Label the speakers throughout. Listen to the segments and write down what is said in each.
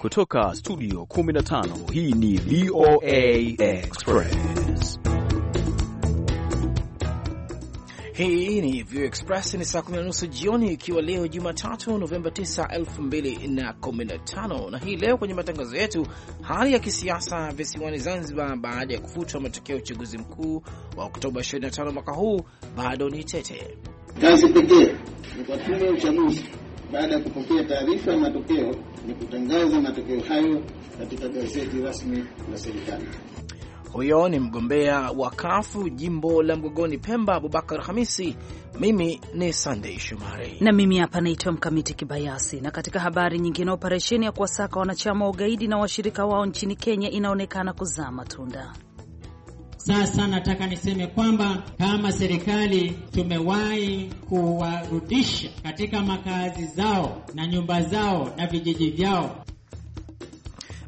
Speaker 1: Kutoka studio 15 hii ni VOA Express.
Speaker 2: Hii ni VOA Express, ni saa kumi na nusu jioni, ikiwa leo Jumatatu Novemba 9, 2015. Na hii leo kwenye matangazo yetu, hali ya kisiasa visiwani Zanzibar baada ya kufutwa matokeo ya uchaguzi mkuu wa Oktoba 25 mwaka huu bado ni tete. Kazi
Speaker 3: pekee ni kwa tume ya uchaguzi baada ya kupokea taarifa ya matokeo ni kutangaza matokeo hayo katika gazeti rasmi la serikali.
Speaker 2: Huyo ni mgombea wa kafu jimbo la Mgogoni Pemba, Abubakar Hamisi. Mimi ni Sandei Shumari
Speaker 4: na mimi hapa naitwa Mkamiti Kibayasi. Na katika habari nyingine, operesheni ya kuwasaka wanachama wa ugaidi na washirika wao nchini Kenya inaonekana kuzaa matunda.
Speaker 5: Sasa nataka niseme kwamba kama serikali tumewahi kuwarudisha katika makazi zao na nyumba zao na vijiji vyao.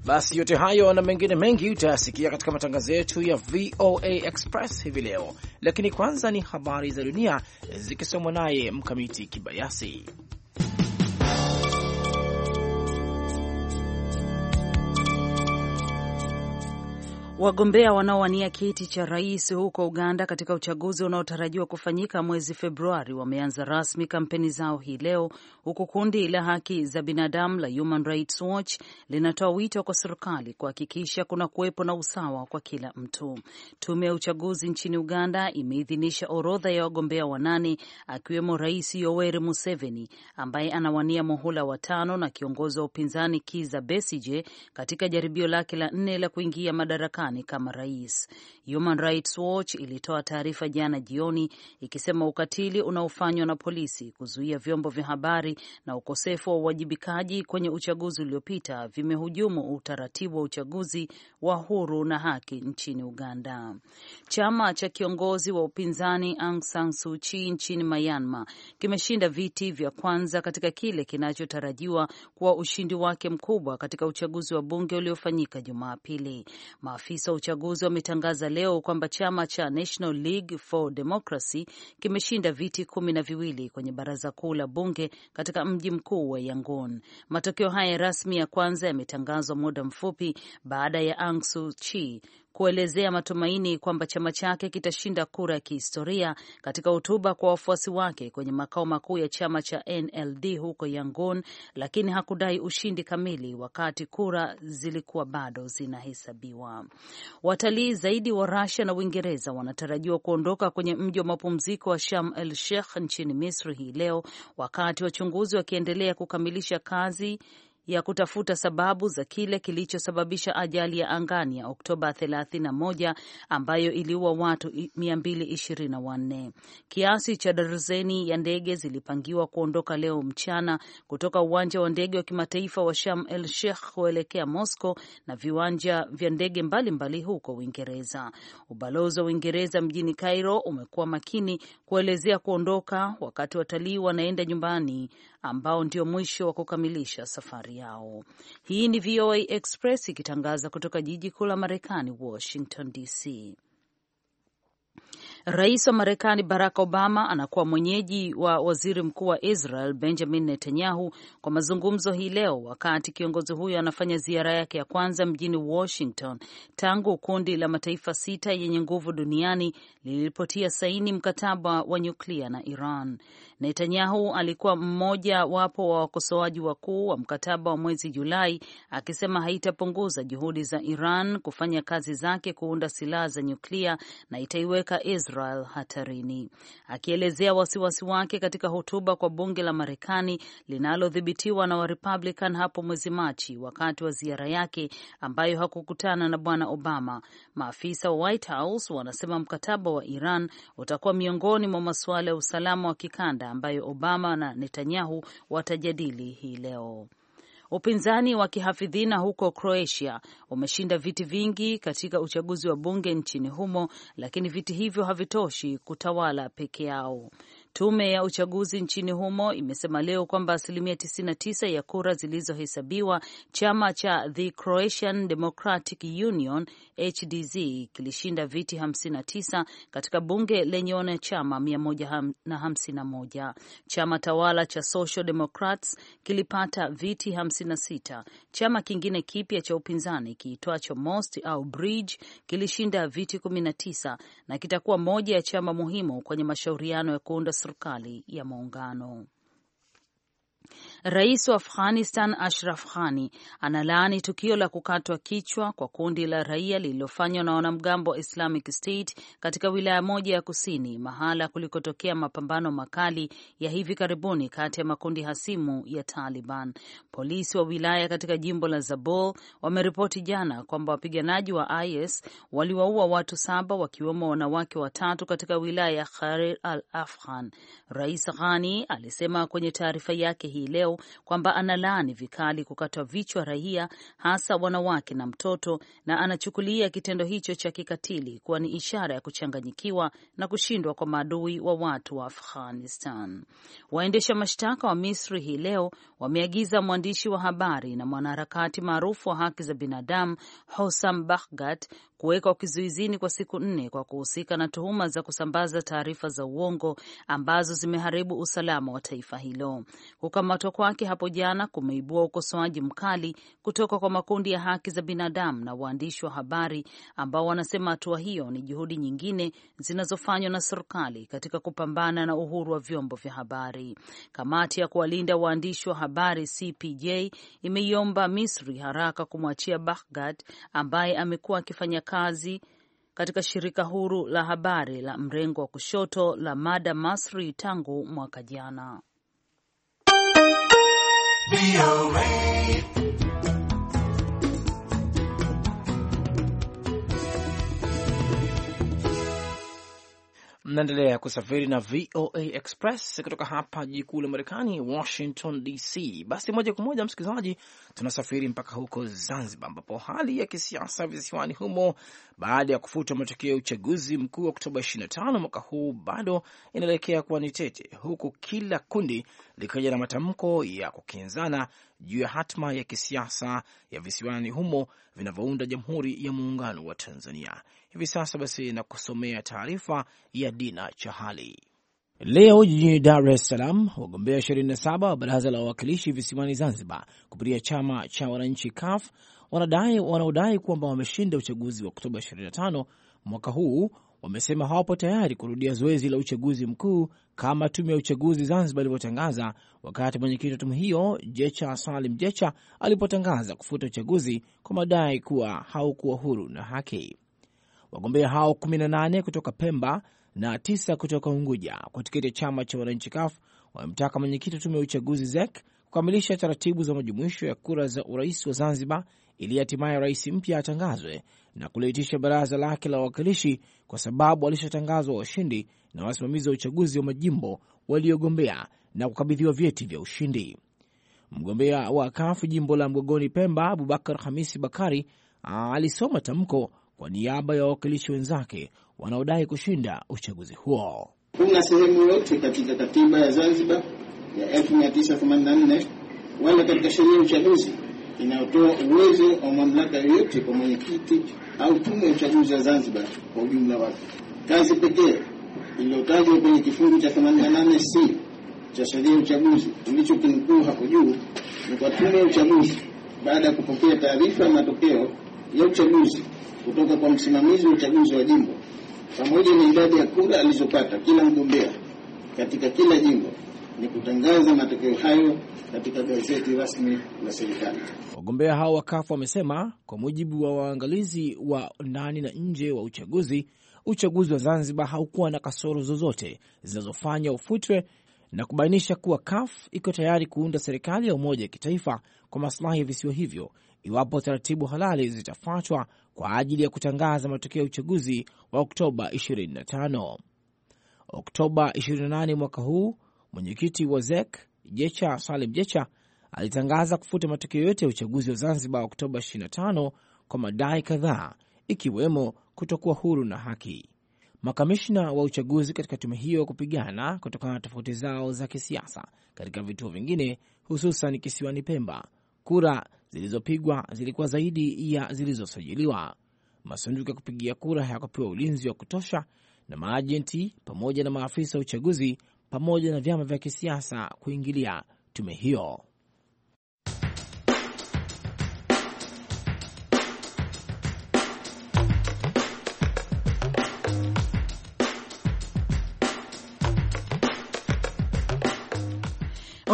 Speaker 5: Basi yote
Speaker 2: hayo na mengine mengi utayasikia katika matangazo yetu ya VOA Express hivi leo, lakini kwanza ni habari za dunia zikisomwa naye Mkamiti Kibayasi.
Speaker 4: Wagombea wanaowania kiti cha rais huko Uganda katika uchaguzi unaotarajiwa kufanyika mwezi Februari wameanza rasmi kampeni zao hii leo, huku kundi la haki za binadamu la Human Rights Watch linatoa wito kwa serikali kuhakikisha kuna kuwepo na usawa kwa kila mtu. Tume ya uchaguzi nchini Uganda imeidhinisha orodha ya wagombea wanane, akiwemo Rais Yoweri Museveni ambaye anawania muhula wa tano na kiongozi wa upinzani kiza Besije katika jaribio lake la nne la kuingia madaraka Marekani kama rais. Human Rights Watch ilitoa taarifa jana jioni ikisema ukatili unaofanywa na polisi kuzuia vyombo vya habari na ukosefu wa uwajibikaji kwenye uchaguzi uliopita vimehujumu utaratibu wa uchaguzi wa huru na haki nchini Uganda. Chama cha kiongozi wa upinzani Aung San Suu Kyi nchini Myanmar kimeshinda viti vya kwanza katika kile kinachotarajiwa kuwa ushindi wake mkubwa katika uchaguzi wa bunge uliofanyika Jumapili. Maafisa maafisa wa uchaguzi wametangaza leo kwamba chama cha National League for Democracy kimeshinda viti kumi na viwili kwenye baraza kuu la bunge katika mji mkuu wa Yangon. Matokeo haya rasmi ya kwanza yametangazwa muda mfupi baada ya angsu Chi kuelezea matumaini kwamba chama chake kitashinda kura ya kihistoria. Katika hotuba kwa wafuasi wake kwenye makao makuu ya chama cha NLD huko Yangon, lakini hakudai ushindi kamili wakati kura zilikuwa bado zinahesabiwa. Watalii zaidi wa rasia na Uingereza wanatarajiwa kuondoka kwenye mji wa mapumziko wa Sham el Sheikh nchini Misri hii leo, wakati wachunguzi wakiendelea kukamilisha kazi ya kutafuta sababu za kile kilichosababisha ajali ya angani ya Oktoba 31 ambayo iliua watu 224. Kiasi cha darzeni ya ndege zilipangiwa kuondoka leo mchana kutoka uwanja wa ndege wa kimataifa wa Sham El Sheikh kuelekea Moscow na viwanja vya ndege mbalimbali huko Uingereza. Ubalozi wa Uingereza mjini Cairo umekuwa makini kuelezea kuondoka wakati watalii wanaenda nyumbani, ambao ndio mwisho wa kukamilisha safari yao. Hii ni VOA Express ikitangaza kutoka jiji kuu la Marekani, Washington DC. Rais wa Marekani Barack Obama anakuwa mwenyeji wa waziri mkuu wa Israel Benjamin Netanyahu kwa mazungumzo hii leo, wakati kiongozi huyo anafanya ziara yake ya kwanza mjini Washington tangu kundi la mataifa sita yenye nguvu duniani lilipotia saini mkataba wa nyuklia na Iran. Netanyahu alikuwa mmoja wapo wa wakosoaji wakuu wa mkataba wa mwezi Julai, akisema haitapunguza juhudi za Iran kufanya kazi zake kuunda silaha za nyuklia na itaiweka Israel hatarini, akielezea wasiwasi wake katika hotuba kwa bunge la Marekani linalodhibitiwa na Warepublican hapo mwezi Machi, wakati wa ziara yake ambayo hakukutana na Bwana Obama. Maafisa wa White House wanasema mkataba wa Iran utakuwa miongoni mwa masuala ya usalama wa kikanda ambayo Obama na Netanyahu watajadili hii leo. Upinzani wa kihafidhina huko Croatia umeshinda viti vingi katika uchaguzi wa bunge nchini humo, lakini viti hivyo havitoshi kutawala peke yao. Tume ya uchaguzi nchini humo imesema leo kwamba asilimia 99 ya kura zilizohesabiwa, chama cha The Croatian Democratic Union HDZ kilishinda viti 59 katika bunge lenye wanachama 151. Chama tawala cha Social Democrats kilipata viti 56. Chama kingine kipya cha upinzani kiitwacho Most au Bridge kilishinda viti 19 na kitakuwa moja ya chama muhimu kwenye mashauriano ya kuunda serikali ya muungano. Rais wa Afghanistan Ashraf Ghani analaani tukio la kukatwa kichwa kwa kundi la raia lililofanywa na wanamgambo wa Islamic State katika wilaya moja ya kusini, mahala kulikotokea mapambano makali ya hivi karibuni kati ya makundi hasimu ya Taliban. Polisi wa wilaya katika jimbo la Zabul wameripoti jana kwamba wapiganaji wa IS waliwaua watu saba wakiwemo wanawake watatu katika wilaya ya Kharir al Afghan. Rais Ghani alisema kwenye taarifa yake hii leo kwamba analaani vikali kukatwa vichwa raia, hasa wanawake na mtoto, na anachukulia kitendo hicho cha kikatili kuwa ni ishara ya kuchanganyikiwa na kushindwa kwa maadui wa watu wa Afghanistan. Waendesha mashtaka wa Misri hii leo wameagiza mwandishi wa habari na mwanaharakati maarufu wa haki za binadamu Hossam Bahgat kuwekwa kizuizini kwa siku nne kwa kuhusika na tuhuma za kusambaza taarifa za uongo ambazo zimeharibu usalama wa taifa hilo. Kukamatwa kwake hapo jana kumeibua ukosoaji mkali kutoka kwa makundi ya haki za binadamu na waandishi wa habari ambao wanasema hatua hiyo ni juhudi nyingine zinazofanywa na serikali katika kupambana na uhuru wa vyombo vya habari. Kamati ya kuwalinda waandishi wa habari CPJ imeiomba Misri haraka kumwachia Baghdad ambaye amekuwa akifanya kazi katika shirika huru la habari la mrengo wa kushoto la Mada Masri tangu mwaka jana.
Speaker 2: Mnaendelea kusafiri na VOA Express kutoka hapa jiji kuu la Marekani, Washington DC. Basi moja kwa moja, msikilizaji, tunasafiri mpaka huko Zanzibar, ambapo hali ya kisiasa visiwani humo baada ya kufutwa matokeo ya uchaguzi mkuu wa Oktoba 25 mwaka huu bado inaelekea kuwa ni tete, huku kila kundi likija na matamko ya kukinzana juu ya hatma ya kisiasa ya visiwani humo vinavyounda Jamhuri ya Muungano wa Tanzania. Hivi sasa basi, na kusomea taarifa ya Dina Chahali. Leo jijini Dar es Salaam, wagombea 27 wa baraza la wawakilishi visiwani Zanzibar kupitia chama cha wananchi CUF wanaodai kwamba wameshinda uchaguzi wa Oktoba 25 mwaka huu wamesema hawapo tayari kurudia zoezi la uchaguzi mkuu kama tume ya uchaguzi Zanzibar ilivyotangaza wakati mwenyekiti wa tume hiyo Jecha Salim Jecha alipotangaza kufuta uchaguzi kwa madai kuwa haukuwa huru na haki. Wagombea hao 18 kutoka Pemba na tisa kutoka Unguja kwa tiketi ya chama cha wananchi KAF wamemtaka mwenyekiti wa tume ya uchaguzi ZEK kukamilisha taratibu za majumuisho ya kura za urais wa Zanzibar ili hatimaye rais mpya atangazwe na kuliitisha baraza lake la wawakilishi kwa sababu alishatangazwa washindi na wasimamizi wa uchaguzi wa majimbo waliogombea na kukabidhiwa vyeti vya ushindi. Mgombea wa kafu jimbo la Mgogoni Pemba, Abubakar Hamisi Bakari alisoma tamko kwa niaba ya wawakilishi wenzake wanaodai kushinda uchaguzi huo.
Speaker 3: Kuna sehemu yote katika katiba ya Zanzibar ya 1984 wala katika sheria ya uchaguzi inayotoa uwezo wa mamlaka yoyote kwa mwenyekiti au tume ya uchaguzi wa Zanzibar kwa ujumla wake. Kazi pekee iliyotajwa kwenye kifungu cha 88C cha sheria ya uchaguzi tulichokinukuu hapo juu ni kwa tume ya uchaguzi, baada ya kupokea taarifa ya matokeo ya uchaguzi kutoka kwa msimamizi wa uchaguzi wa jimbo pamoja na idadi ya kura alizopata kila mgombea katika kila jimbo ni kutangaza matokeo hayo katika gazeti rasmi la serikali.
Speaker 2: Wagombea hao wa kafu wamesema kwa mujibu wa waangalizi wa ndani na nje wa uchaguzi, uchaguzi wa Zanzibar haukuwa na kasoro zozote zinazofanya ufutwe na kubainisha kuwa kaf iko tayari kuunda serikali ya umoja wa kitaifa kwa maslahi ya visiwa hivyo iwapo taratibu halali zitafuatwa kwa ajili ya kutangaza matokeo ya uchaguzi wa Oktoba 25. Oktoba 28 mwaka huu mwenyekiti wa ZEK Jecha Salim Jecha alitangaza kufuta matokeo yote ya uchaguzi wa Zanzibar wa Oktoba 25 kwa madai kadhaa ikiwemo kutokuwa huru na haki. Makamishna wa uchaguzi katika tume hiyo kupigana kutokana na tofauti zao za kisiasa katika vituo vingine, hususan kisiwani Pemba. Kura zilizopigwa zilikuwa zaidi ya zilizosajiliwa. Masanduku ya kupigia kura hayakupewa ulinzi wa kutosha, na maajenti pamoja na maafisa wa uchaguzi pamoja na vyama vya kisiasa kuingilia tume hiyo.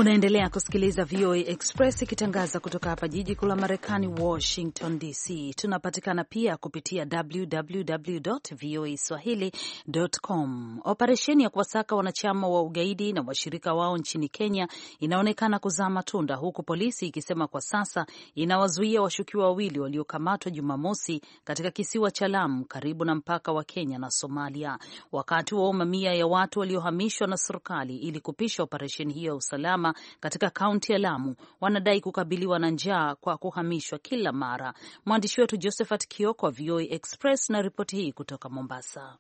Speaker 4: Unaendelea kusikiliza VOA Express ikitangaza kutoka hapa jiji kuu la Marekani, Washington DC. Tunapatikana pia kupitia www voa swahili.com. Operesheni ya kuwasaka wanachama wa ugaidi na washirika wao nchini Kenya inaonekana kuzaa matunda, huku polisi ikisema kwa sasa inawazuia washukiwa wawili waliokamatwa Jumamosi katika kisiwa cha Lamu karibu na mpaka wa Kenya na Somalia, wakati wao mamia ya watu waliohamishwa na serikali ili kupisha operesheni hiyo ya usalama katika kaunti ya Lamu wanadai kukabiliwa na njaa kwa kuhamishwa kila mara. Mwandishi wetu Josephat Kioko wa VOA e Express na ripoti hii kutoka Mombasa.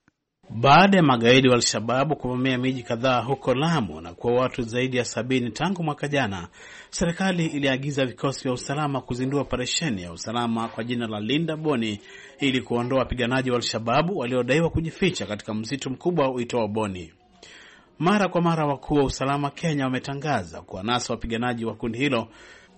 Speaker 3: Baada ya magaidi wa Al-Shababu kuvamia miji kadhaa huko Lamu na kuwa watu zaidi ya sabini tangu mwaka jana, serikali iliagiza vikosi vya usalama kuzindua operesheni ya usalama kwa jina la Linda Boni ili kuondoa wapiganaji wa Al-Shababu waliodaiwa kujificha katika msitu mkubwa uitwao Boni. Mara kwa mara wakuu wa usalama Kenya wametangaza kuwanasa wapiganaji wa kundi hilo,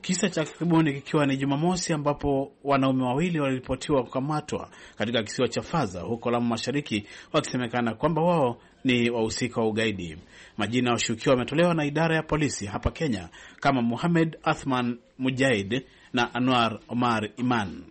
Speaker 3: kisa cha karibuni kikiwa ni Jumamosi ambapo wanaume wawili waliripotiwa kukamatwa katika kisiwa cha Faza huko Lamu Mashariki, wakisemekana kwamba wao ni wahusika wa ugaidi. Majina ya washukiwa wametolewa na idara ya polisi hapa Kenya kama Muhamed Athman Mujaid na Anwar Omar Iman.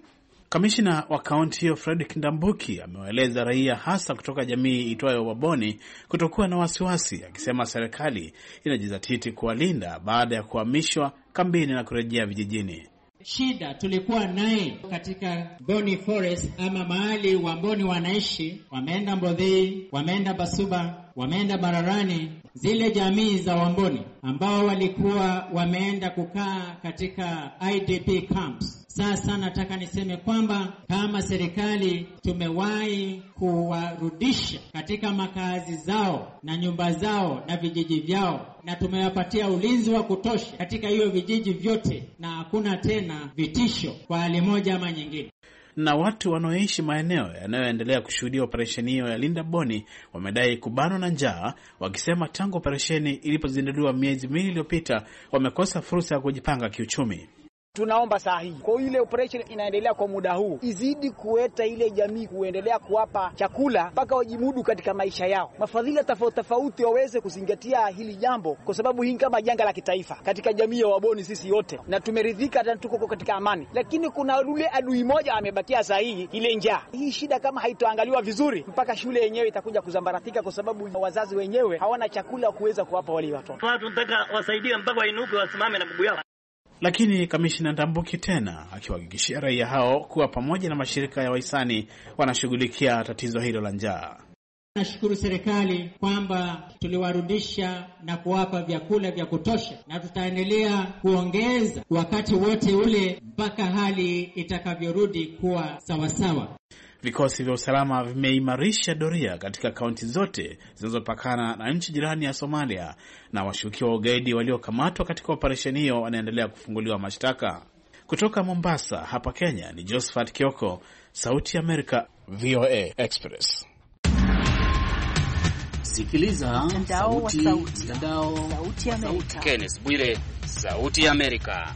Speaker 3: Kamishina wa kaunti hiyo Fredrick Ndambuki amewaeleza raia hasa kutoka jamii itwayo Waboni kutokuwa na wasiwasi, akisema serikali inajizatiti kuwalinda baada ya kuhamishwa kambini na kurejea vijijini.
Speaker 5: Shida tulikuwa naye katika Boni Forest ama mahali Wamboni wanaishi, wameenda Mbodhii, wameenda Basuba, wameenda Bararani, zile jamii za Wamboni ambao walikuwa wameenda kukaa katika IDP camps sasa nataka niseme kwamba kama serikali tumewahi kuwarudisha katika makazi zao na nyumba zao na vijiji vyao, na tumewapatia ulinzi wa kutosha katika hiyo vijiji vyote, na hakuna tena vitisho kwa hali moja ama nyingine na
Speaker 3: watu wanaoishi maeneo yanayoendelea kushuhudia operesheni hiyo ya Linda Boni wamedai kubanwa na njaa, wakisema tangu operesheni ilipozinduliwa miezi miwili iliyopita wamekosa fursa ya kujipanga kiuchumi.
Speaker 6: Tunaomba saa hii kwa ile operation inaendelea kwa muda huu izidi
Speaker 2: kuweta ile jamii kuendelea kuwapa chakula mpaka wajimudu katika maisha yao. Mafadhila tofauti tofauti waweze kuzingatia hili jambo, kwa sababu hii kama janga la kitaifa katika jamii ya Waboni sisi yote na tumeridhika na tuko katika amani, lakini kuna ule adui moja amebakia saa hii, ile njaa. Hii shida kama haitoangaliwa vizuri, mpaka shule yenyewe itakuja kuzambaratika, kwa sababu
Speaker 6: wazazi wenyewe hawana chakula kuweza kuwapa wale watoto. Tunataka wasaidie mpaka wainuke, wasimame na miguu yao.
Speaker 3: Lakini kamishina Ndambuki tena akiwahakikishia raia hao kuwa pamoja na mashirika ya wahisani wanashughulikia tatizo hilo la njaa.
Speaker 5: Nashukuru serikali kwamba tuliwarudisha na kuwapa vyakula vya kutosha, na tutaendelea kuongeza wakati wote ule mpaka hali itakavyorudi kuwa sawasawa.
Speaker 3: Vikosi vya usalama vimeimarisha doria katika kaunti zote zinazopakana na nchi jirani ya Somalia, na washukiwa wa ugaidi waliokamatwa katika operesheni hiyo wanaendelea kufunguliwa mashtaka. Kutoka Mombasa hapa Kenya ni Josephat Kioko, Sauti ya Amerika, VOA Express.
Speaker 5: Sikiliza mtandao wa sauti, sauti ya Amerika.
Speaker 3: Kenneth Bwire, Sauti ya Amerika.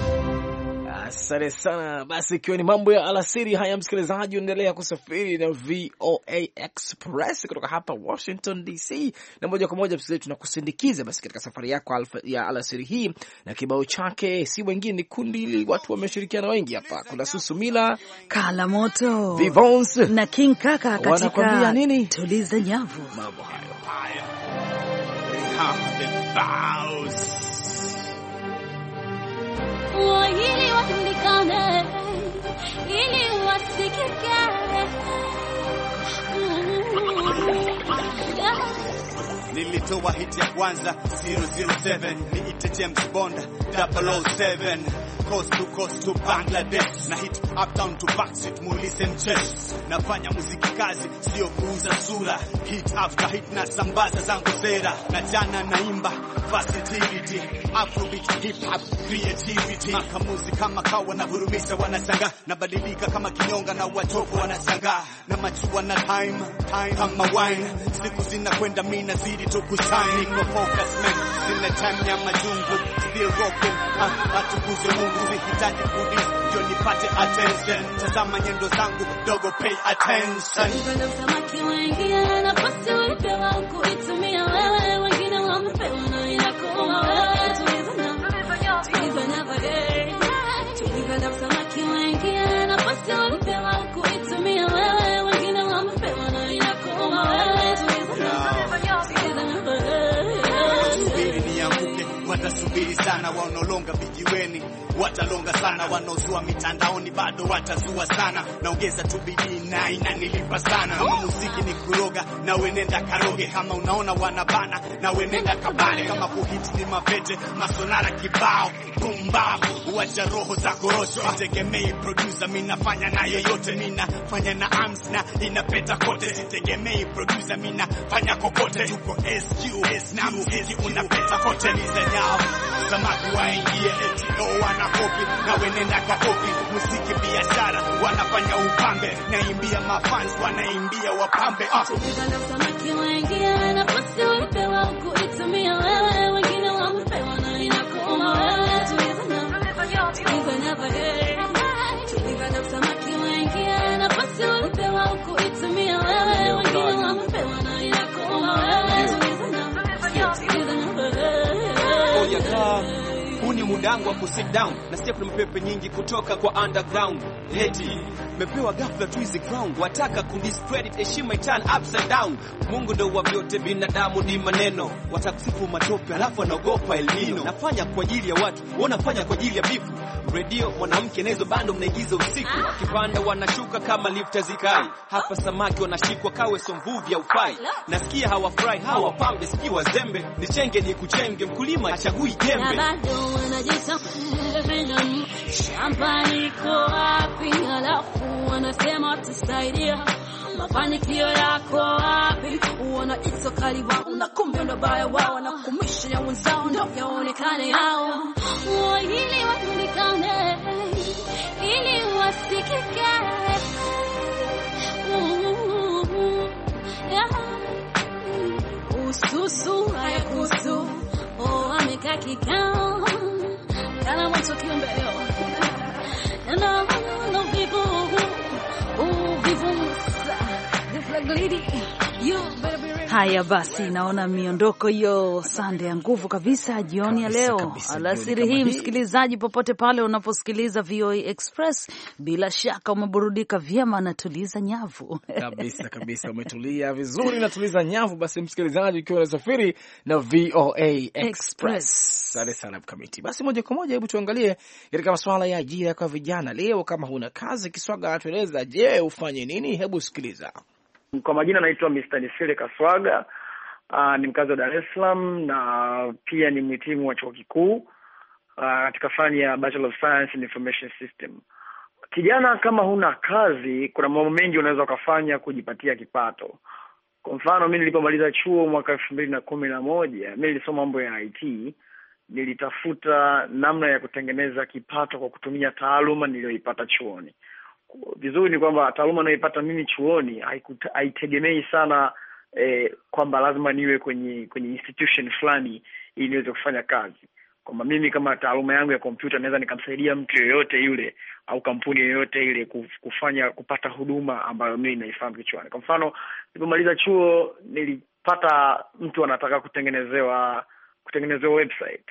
Speaker 3: Asante sana. Basi ikiwa ni mambo ya
Speaker 2: alasiri haya, msikilizaji, unaendelea kusafiri na VOA Express kutoka hapa Washington DC, na moja kwa moja msikilizaji, tunakusindikiza basi katika safari yako ya alasiri hii, na kibao chake si wengine, ni kundi hili, watu wameshirikiana wengi hapa. Kuna Mila,
Speaker 4: Kala Moto, Vivons na King Kaka katika nini, tuliza nyavu,
Speaker 1: mambo hayo Nilitoa hit ya kwanza 007 niite James Bond 007 coast to coast to Bangladesh na hit uptown to backseat mulisen chess nafanya muziki kazi sio kuuza sura hit after hit na sambaza zangu sera na jana naimba versatility, Afrobeat, hip hop, creativity. Makamuzi kama kawa wanavurumisha, wanashangaa nabadilika kama kinyonga na watovu wanashangaa na machua na time, time kama wine. Siku zinakwenda mimi nazidi tu kushine, niko focus man, sina time ya majungu, still rocking, atukuze Mungu, sihitaji kudi ndio nipate attention. Tazama nyendo zangu dogo, pay attention.
Speaker 7: Samaki wengi ana nafasi ulipewa, ukuitumia wewe
Speaker 1: watalonga sana, wanaozua mitandaoni bado watazua sana, naongeza tu bidii na inanilipa sana. muziki ni kuroga, na wenenda karoge, kama unaona wanabana, na wenenda kabale, kama kuhiti ni mapete, masonara kibao, pumbavu, wacha roho za korosho, tegemei producer, mimi nafanya na yoyote, ninafanya na arms na inapeta kote, sitegemei producer, mimi nafanya kokote, tuko SQ na muziki unapeta kote, nizanyao samaki waingie etio oh, wana kopi na wenenda kwa kofi, muziki biashara, wanafanya upambe, naimbia mafans wanaimbia wapambe, ah. mlango wa kusit down na sija, kuna mapepe nyingi kutoka kwa underground heti mepewa ghafla tu hizi ground, wataka kudiscredit heshima itan upside down. Mungu ndo wa vyote, binadamu ni maneno, watakusifu matope, alafu anaogopa elmino. Nafanya kwa ajili ya watu, wanafanya kwa ajili ya bifu. Redio mwanamke nahizo bando mnaigiza usiku, kipanda wanashuka kama lifta zikai. Hapa samaki wanashikwa kawe somvuvi ya ufai, nasikia hawafurahi hawa pambe, siki wazembe, chenge ni kuchenge, mkulima achagui jembe
Speaker 7: tafuna shamba liko wapi? Halafu wanasema watusaidia mafanikio yako wapi? Wanaitwa kaliwa, una kumbe ndo baya wao, wanakumisha ya wenzao ndo yaonekane yao,
Speaker 8: ili wajulikane,
Speaker 7: ili wasikike mm-hmm. ususu hayakusu, oh, amekaa kikao And I want to know people who, who give them like
Speaker 4: Haya basi, naona miondoko hiyo sande ya nguvu kabisa jioni ya leo, alasiri hii. Msikilizaji popote pale unaposikiliza VOA Express, bila shaka umeburudika vyema na tuliza nyavu
Speaker 2: kabisa kabisa, umetulia vizuri na tuliza nyavu. Basi msikilizaji, ukiwa unasafiri na VOA Express, asante sana Mkamiti. Basi moja kwa moja, hebu tuangalie katika masuala ya ajira kwa vijana leo. Kama huna kazi, Kiswaga
Speaker 8: atueleza, je, ufanye nini? Hebu sikiliza. Kwa majina anaitwa Mr. Nisile Kaswaga. Aa, uh, ni mkazi wa Dar es Salaam na pia ni mhitimu wa chuo kikuu uh, katika fani ya Bachelor of Science in Information System. Kijana, kama huna kazi, kuna mambo mengi unaweza ukafanya kujipatia kipato. Kwa mfano, mi nilipomaliza chuo mwaka elfu mbili na kumi na moja mi nilisoma mambo ya IT, nilitafuta namna ya kutengeneza kipato kwa kutumia taaluma niliyoipata chuoni vizuri ni kwamba taaluma anayoipata mimi chuoni haitegemei sana eh, kwamba lazima niwe kwenye kwenye institution fulani ili niweze kufanya kazi, kwamba mimi kama taaluma yangu ya kompyuta naweza nikamsaidia mtu yoyote yule au kampuni yoyote ile kufanya kupata huduma ambayo mii naifahamu kichwani. Kwa mfano, nilipomaliza chuo nilipata mtu anataka kutengenezewa kutengenezewa website,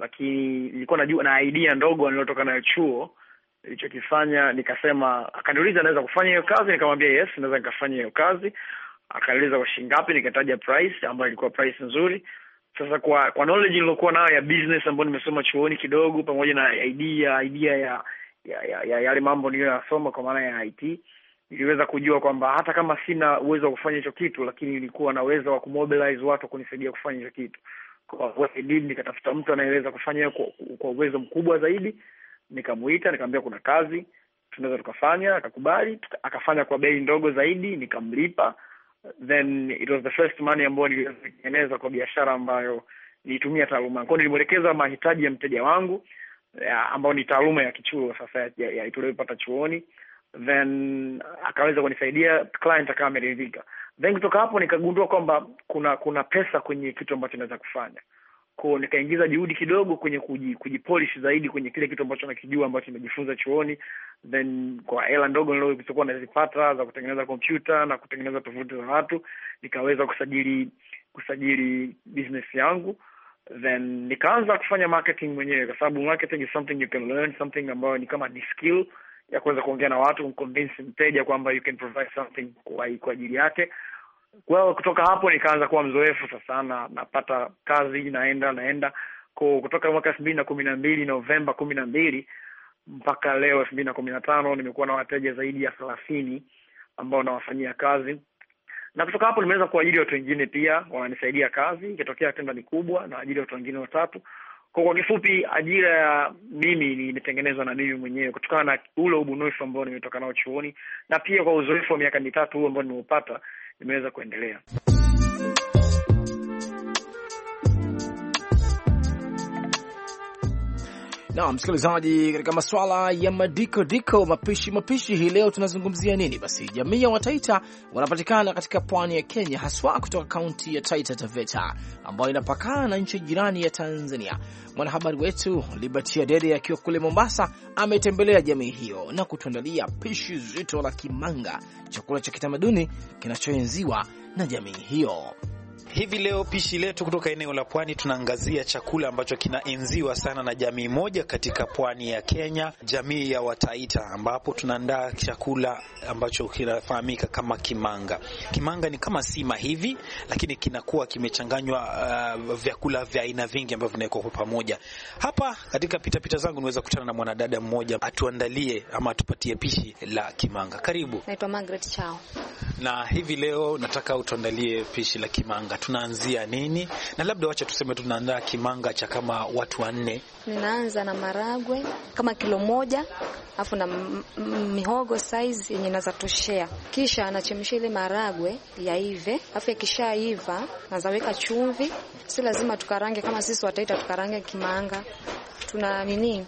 Speaker 8: lakini nilikuwa najua na idea ndogo niliyotoka nayo chuo nilichokifanya nikasema, akaniuliza naweza kufanya hiyo kazi, nikamwambia yes, naweza nikafanya hiyo kazi. Akaniuliza kwa shilingi ngapi, nikataja price ambayo ilikuwa price nzuri. Sasa kwa kwa knowledge niliokuwa nayo ya business ambayo nimesoma chuoni kidogo, pamoja na idea idea ya yale ya, ya, ya mambo niliyoyasoma kwa maana ya IT niliweza kujua kwamba hata kama sina uwezo wa kufanya hicho kitu, lakini nilikuwa na uwezo wa kumobilize watu kunisaidia kufanya hicho kitu. Kwa hiyo nikatafuta mtu anayeweza kufanya kwa, kwa uwezo mkubwa zaidi nikamuita nikamwambia kuna kazi tunaweza tukafanya, akakubali, akafanya kwa bei ndogo zaidi, nikamlipa. Then it was the first money ambayo nilitengeneza kwa biashara ambayo nilitumia taaluma kwao. Nilimwelekeza mahitaji ya mteja wangu ambayo ni taaluma ya kichuo sasa tuliyopata chuoni, then akaweza kunisaidia, client akawa ameridhika. Then kutoka hapo nikagundua kwamba kuna kuna pesa kwenye kitu ambacho inaweza kufanya ko nikaingiza juhudi kidogo kwenye kujipolish zaidi kwenye kile kitu ambacho nakijua ambacho nimejifunza chuoni, then kwa hela ndogo nilizokuwa nazipata za kutengeneza kompyuta na kutengeneza tofauti za watu, nikaweza kusajili kusajili business yangu, then nikaanza kufanya marketing mwenyewe, kwa sababu marketing is something you can learn, something ambayo ni kama ni skill ya kuweza kuongea na watu, kumconvince mteja kwamba you can provide something kwa ajili yake, kwa hiyo kutoka hapo nikaanza kuwa mzoefu sasa, na napata kazi, naenda naenda kwa kutoka mwaka elfu mbili na kumi na mbili Novemba kumi na mbili mpaka leo elfu mbili na kumi na tano nimekuwa na wateja zaidi ya thelathini ambao nawafanyia kazi, na kutoka hapo nimeweza kuajiri watu wengine pia wananisaidia kazi. Ikitokea tenda ni kubwa na ajiri watu wengine watatu. Kwa kwa kifupi, ajira ya mimi imetengenezwa na mimi mwenyewe kutokana na ule ubunifu ambao nimetoka nao chuoni na pia kwa uzoefu wa miaka mitatu huo ambao nimeupata imeweza kuendelea.
Speaker 2: na msikilizaji, katika masuala ya madiko diko, mapishi mapishi, hii leo tunazungumzia nini? Basi jamii ya Wataita wanapatikana katika pwani ya Kenya, haswa kutoka kaunti ya Taita Taveta ambayo inapakana na nchi jirani ya Tanzania. Mwanahabari wetu Libertia Dede akiwa kule Mombasa ametembelea jamii hiyo na kutuandalia pishi zito la kimanga, chakula cha kitamaduni kinachoenziwa na jamii hiyo.
Speaker 6: Hivi leo pishi letu kutoka eneo la pwani, tunaangazia chakula ambacho kinaenziwa sana na jamii moja katika pwani ya Kenya, jamii ya Wataita, ambapo tunaandaa chakula ambacho kinafahamika kama kimanga. Kimanga ni kama sima hivi, lakini kinakuwa kimechanganywa uh, vyakula vya aina vingi ambavyo vinawekwa kwa pamoja. Hapa katika pitapita pita zangu niweza kukutana na mwanadada mmoja atuandalie ama atupatie pishi la kimanga. Karibu.
Speaker 9: Naitwa Margaret Chao.
Speaker 6: Na hivi leo nataka utuandalie pishi la kimanga tunaanzia nini, na labda wacha tuseme tunaandaa kimanga cha kama watu wanne.
Speaker 9: Ninaanza na maragwe kama kilo moja, afu na mihogo size yenye naweza toshea, kisha anachemsha ile maragwe yaive, afu yakishaiva nazaweka chumvi. Si lazima tukarange kama sisi wataita tukarange kimanga, tuna nini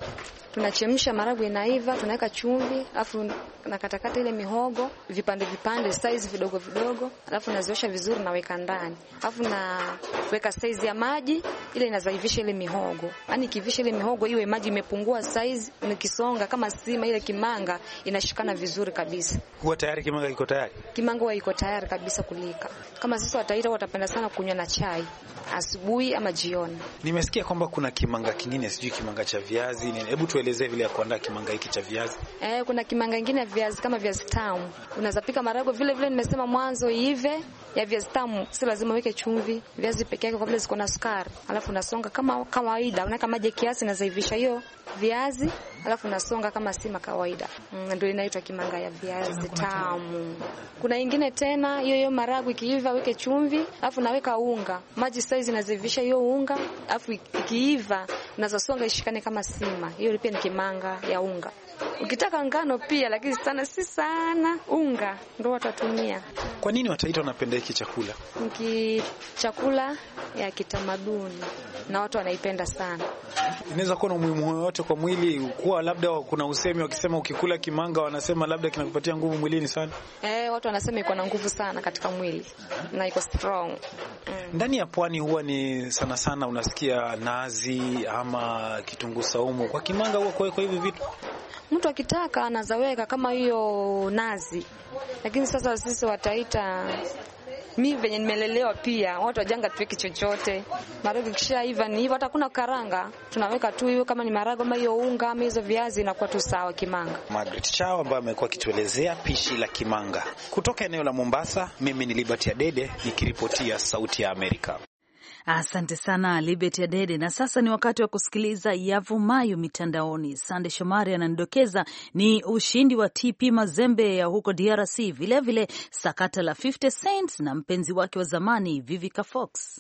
Speaker 9: tunachemsha maragwe naiva, tunaweka chumvi, afu nakatakata ile mihogo vipande vipande, size vidogo vidogo, alafu naziosha vizuri, naweka ndani, alafu naweka size ya maji ile inazaivisha ile mihogo, yani kivisha ile mihogo iwe maji imepungua size, nikisonga kama sima ile kimanga inashikana vizuri kabisa.
Speaker 6: Huwa tayari kimanga iko tayari,
Speaker 9: kimanga huwa iko tayari kabisa kulika. Kama sisi wataita, watapenda sana kunywa na chai asubuhi ama jioni.
Speaker 6: Nimesikia kwamba kuna kimanga kingine, sijui kimanga cha viazi nini, hebu tuelezee vile ya kuandaa kimanga hiki cha viazi.
Speaker 9: Eh, kuna kimanga kingine viazi kama viazi tamu. Unaweza pika marago vile vile, nimesema mwanzo iive ya viazi tamu, si lazima uweke chumvi. Viazi peke yake kwa vile ziko na sukari. Alafu unasonga kama kawaida, unaweka maji kiasi na zaivisha hiyo viazi, alafu unasonga kama sima kawaida. Mm, ndio inaitwa kimanga ya viazi tamu. Kuna ingine tena hiyo hiyo marago ikiiva, weke chumvi, alafu naweka unga. Maji size nazaivisha hiyo unga, alafu ikiiva, unazosonga ishikane kama sima. Hiyo pia ni kimanga ya unga. Ukitaka ngano pia, lakini sana si sana, unga ndo watatumia.
Speaker 6: Kwa nini Wataita wanapenda hiki chakula?
Speaker 9: Ni chakula ya kitamaduni na watu wanaipenda sana.
Speaker 6: Inaweza kuwa na umuhimu wowote kwa mwili, kuwa labda kuna usemi wakisema ukikula kimanga wanasema labda kinakupatia nguvu mwilini sana.
Speaker 9: Eh, watu wanasema iko na nguvu sana katika mwili na iko strong. Mm.
Speaker 6: Ndani ya pwani huwa ni sana sana unasikia nazi ama kitunguu saumu. Kwa kimanga huwa kwa hivi vitu
Speaker 9: mtu akitaka anazaweka kama hiyo nazi, lakini sasa sisi wataita mi venye nimelelewa pia watu wajanga tuweki chochote maharage kisha iva ni hivyo, hata kuna karanga tunaweka tu hiyo, kama ni marago ama hiyo unga ama hizo viazi inakuwa tu sawa. Kimanga
Speaker 6: Margaret Chao ambaye amekuwa akituelezea pishi la kimanga kutoka eneo la Mombasa. Mimi ni Liberty Adede nikiripotia Sauti ya Amerika.
Speaker 4: Asante sana Libet Adede. Na sasa ni wakati wa kusikiliza yavumayo mitandaoni. Sande Shomari ananidokeza ni ushindi wa TP Mazembe ya huko DRC, vilevile vile sakata la 50 Cent na mpenzi wake wa zamani Vivica Fox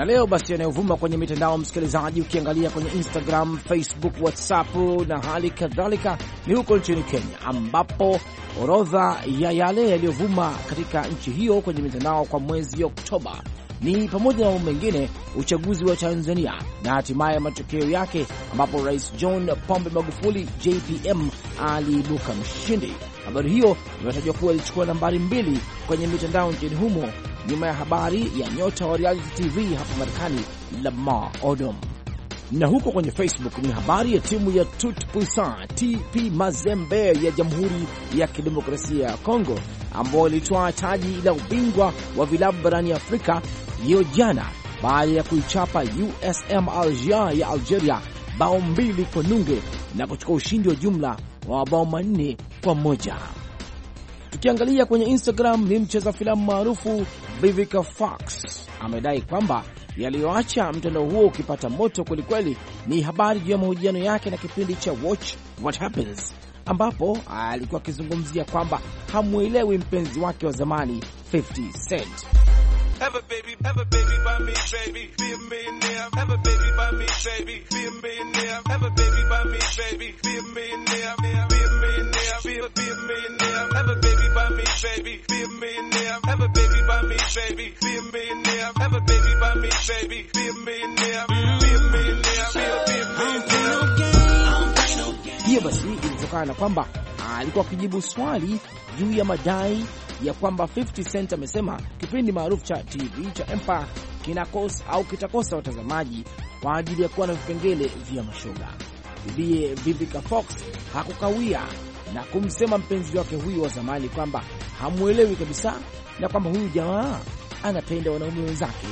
Speaker 2: na leo basi, yanayovuma kwenye mitandao msikilizaji, ukiangalia kwenye Instagram, Facebook, WhatsApp na hali kadhalika ni huko nchini Kenya, ambapo orodha ya yale yaliyovuma katika nchi hiyo kwenye mitandao kwa mwezi Oktoba ni pamoja na mambo mengine, uchaguzi wa Tanzania na hatimaye matokeo yake, ambapo Rais John Pombe Magufuli JPM aliibuka mshindi. Habari hiyo imetajwa kuwa ilichukua nambari mbili kwenye mitandao nchini humo nyuma ya habari ya nyota wa reality TV hapa Marekani, Lamar Odom. Na huko kwenye Facebook ni habari ya timu ya Tut Puissant TP Mazembe ya Jamhuri ya Kidemokrasia ya Kongo ambayo ilitoa taji la ubingwa wa vilabu barani Afrika hiyo jana baada ya kuichapa USM Alger ya Algeria bao mbili kwa nunge na kuchukua ushindi wa jumla wa mabao manne kwa moja. Tukiangalia kwenye Instagram, ni mcheza filamu maarufu Vivica Fox amedai kwamba yaliyoacha mtandao huo ukipata moto kwelikweli ni habari juu ya mahojiano yake na kipindi cha Watch What Happens, ambapo alikuwa akizungumzia kwamba hamwelewi mpenzi wake wa zamani 50 Cent.
Speaker 6: baby, be a millionaire. Have a baby by me, baby, be a millionaire. Have a baby by me, baby, be a millionaire. Be a millionaire, be a, millionaire. Hiyo
Speaker 2: basi ilitokana na kwamba ah, alikuwa akijibu swali juu ya madai ya kwamba 50 Cent amesema kipindi maarufu cha TV cha Empire kinakosa au kitakosa watazamaji kwa ajili ya kuwa na vipengele vya mashoga. Bibie Vivica Fox hakukawia na kumsema mpenzi wake huyu wa zamani kwamba hamwelewi kabisa na kwamba huyu jamaa anapenda wanaume wenzake,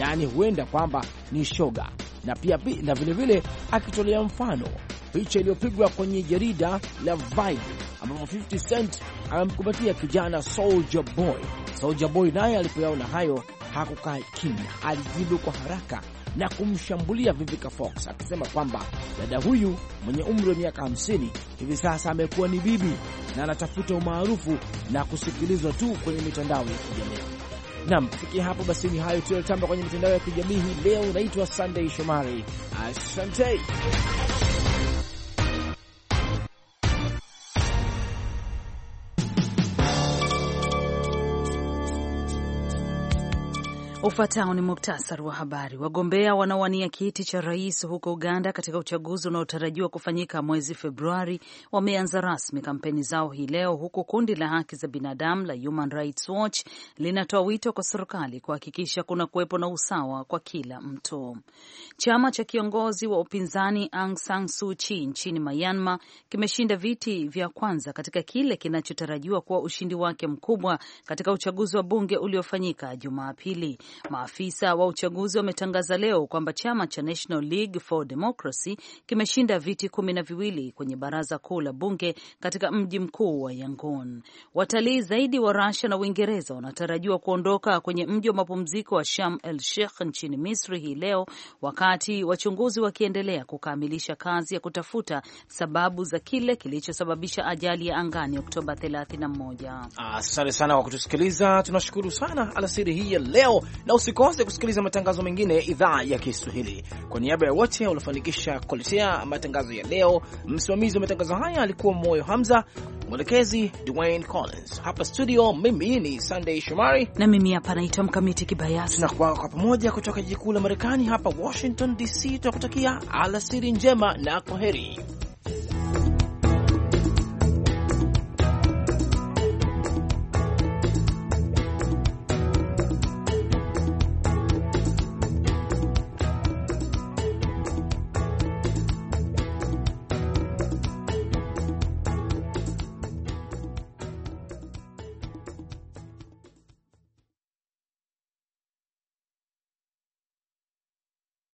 Speaker 2: yaani huenda kwamba ni shoga. Na pia na vilevile akitolea mfano picha iliyopigwa kwenye jarida la Vibe ambapo 50 Cent amemkumbatia kijana Soulja Boy. Soulja Boy naye alipoyaona hayo hakukaa kimya, alijibu kwa haraka na kumshambulia Vivica Fox akisema kwamba dada huyu mwenye umri wa miaka 50 hivi sasa amekuwa ni bibi na anatafuta umaarufu na kusikilizwa tu kwenye mitandao ya kijamii. Nam, kufikia hapo basi ni hayo tuliyotamba kwenye mitandao ya kijamii hii leo. Naitwa Sunday Shomari, asante.
Speaker 4: Ufuatao ni muktasari wa habari. Wagombea wanaowania kiti cha rais huko Uganda katika uchaguzi unaotarajiwa kufanyika mwezi Februari wameanza rasmi kampeni zao hii leo, huku kundi la haki za binadamu la Human Rights Watch linatoa wito kwa serikali kuhakikisha kuna kuwepo na usawa kwa kila mtu. Chama cha kiongozi wa upinzani Aung San Suu Kyi nchini Myanmar kimeshinda viti vya kwanza katika kile kinachotarajiwa kuwa ushindi wake mkubwa katika uchaguzi wa bunge uliofanyika Jumapili. Maafisa wa uchaguzi wametangaza leo kwamba chama cha National League for Democracy kimeshinda viti kumi na viwili kwenye baraza kuu la bunge katika mji mkuu wa Yangon. Watalii zaidi wa rasia na Uingereza wanatarajiwa kuondoka kwenye mji wa mapumziko wa Sham el Sheikh nchini Misri hii leo, wakati wachunguzi wakiendelea kukamilisha kazi ya kutafuta sababu za kile kilichosababisha ajali ya angani Oktoba 31. Asante
Speaker 2: sana kwa kutusikiliza, tunashukuru sana alasiri hii ya leo na usikose kusikiliza matangazo mengine ya idhaa ya Kiswahili. Kwa niaba ya wote waliofanikisha kuletea matangazo ya leo, msimamizi wa matangazo haya alikuwa Moyo Hamza, mwelekezi Dwayne Collins. Hapa studio, mimi ni Sunday Shomari na mimi hapa naitwa Mkamiti
Speaker 4: Kibayasi, na
Speaker 2: kwa pamoja kutoka jiji kuu la Marekani hapa Washington DC. Tunakutakia alasiri njema na kwaheri.